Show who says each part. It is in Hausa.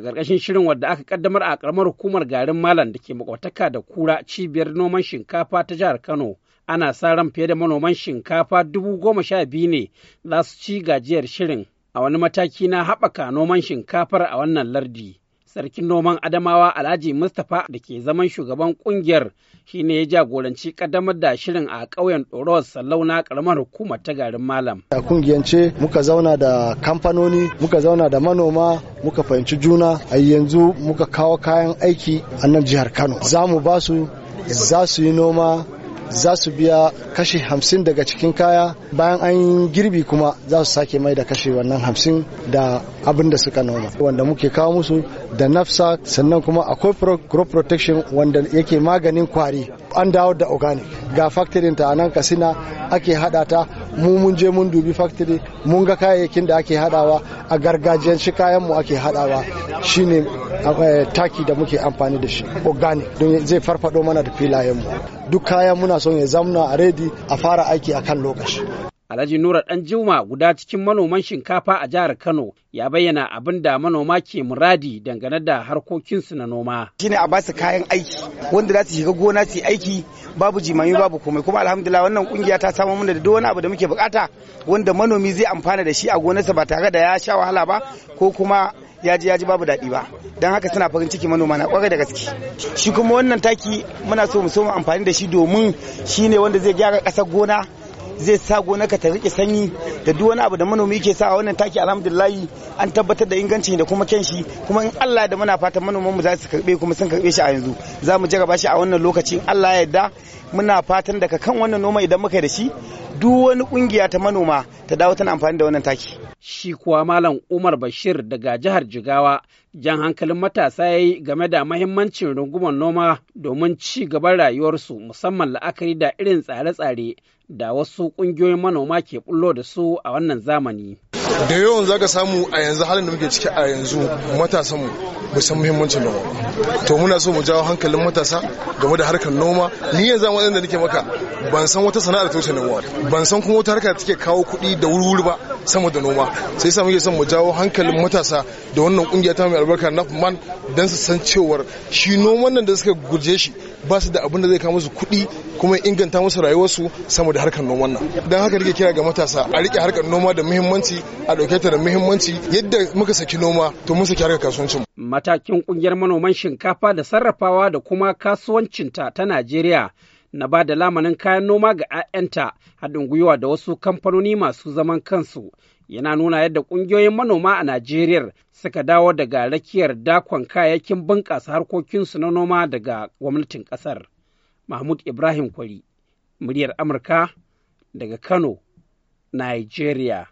Speaker 1: a ƙarƙashin shirin wadda aka kaddamar a ƙaramar hukumar garin malam da ke makwataka da kura cibiyar noman shinkafa ta jihar kano ana sa ran fiye da manoman shinkafa dubu goma sha biyu ne za su ci gajiyar shirin a wani mataki na haɓaka noman shinkafar a wannan lardi sarkin noman adamawa alhaji mustapha da ke zaman shugaban kungiyar shine ya jagoranci kaddamar da shirin a ƙauyen ɗoros sallauna karamar hukumar ta garin malam
Speaker 2: a kungiyance muka zauna da kamfanoni muka zauna da manoma muka fahimci juna a yanzu muka kawo kayan aiki a nan jihar kano za mu ba su za su yi noma za su biya kashi hamsin daga cikin kaya bayan an yi girbi kuma za su sake mai da kashi wannan hamsin da abin da suka noma wanda muke kawo musu da nafsa sannan kuma akwai crop protection wanda yake maganin kwari an dawo da organic ga factory ta nan kasina ake hada ta mu mun je mun dubi factory mun ga kayayyakin da ake hadawa a gargajiyan shi kayan mu ake hadawa shine eh, taki da muke amfani da shi organic don zai farfado mana da filayen mu duk kayan muna son ya zamna a redi a fara aiki akan lokaci
Speaker 1: Alhaji Nura Juma guda cikin manoman shinkafa a jihar Kano ya bayyana abin da manoma ke muradi
Speaker 3: dangane da harkokinsu na noma. Shine a basu kayan aiki wanda za su shiga gona su aiki babu jimami babu komai kuma alhamdulillah wannan kungiya ta samu mana da duk wani abu da muke bukata wanda manomi zai amfana da shi a gonarsa ba tare da ya sha wahala ba ko kuma ya ji ya ji babu daɗi ba don haka suna farin ciki manoma na kwarai da gaske shi kuma wannan taki muna so mu so mu amfani da shi domin shi ne wanda zai gyara ƙasar gona zai sa gonarka ta rike sanyi da duk wani abu da manomi ke sa a wannan taki alhamdulillah an tabbatar da ingancin da kuma kyan shi kuma in Allah da muna fatan manoman mu za su karbe kuma sun karbe shi a yanzu za mu jarraba shi a wannan lokaci Allah ya yarda muna fatan daga kan wannan noma idan muka da shi duk wani kungiya ta manoma ta dawo tana amfani da wannan taki
Speaker 1: shi kuwa Malam Umar Bashir daga jihar Jigawa jan hankalin matasa ya yi game da mahimmancin rungumar noma domin ci gaban rayuwarsu musamman la'akari da irin tsare-tsare da wasu ƙungiyoyin manoma ke bullo da su a wannan zamani.
Speaker 4: da yawan ka samu a yanzu halin da muke ciki a yanzu matasanmu mu san muhimmancin noma to muna so mu jawo hankalin matasa game da harkar noma ni yanzu an wadanda nake maka ban san wata sana'ar ta wuce noma ban san kuma wata harka take kawo kuɗi da wuri ba sama da noma sai sa muke son mu jawo hankalin matasa da wannan kungiya ta mai albarka na man dan su san cewar shi noman nan da suka guje shi ba su da abin da zai kawo musu kuɗi kuma inganta musu rayuwarsu sama da harkar noman nan don haka rike kira ga matasa a rike
Speaker 1: harkar noma da muhimmanci a ɗauke ta da muhimmanci yadda muka saki noma to mun saki harkar kasuwancin matakin kungiyar manoman shinkafa da sarrafawa da kuma kasuwancinta ta Najeriya na ba da lamanin kayan noma ga 'ya'yanta haɗin gwiwa da wasu kamfanoni masu zaman kansu yana nuna yadda ƙungiyoyin manoma a Najeriya suka dawo daga rakiyar dakon kayayyakin bunƙasa harkokinsu na noma daga gwamnatin ƙasar. Mahmud Ibrahim Kwari, muryar Amurka daga Kano, Nigeria.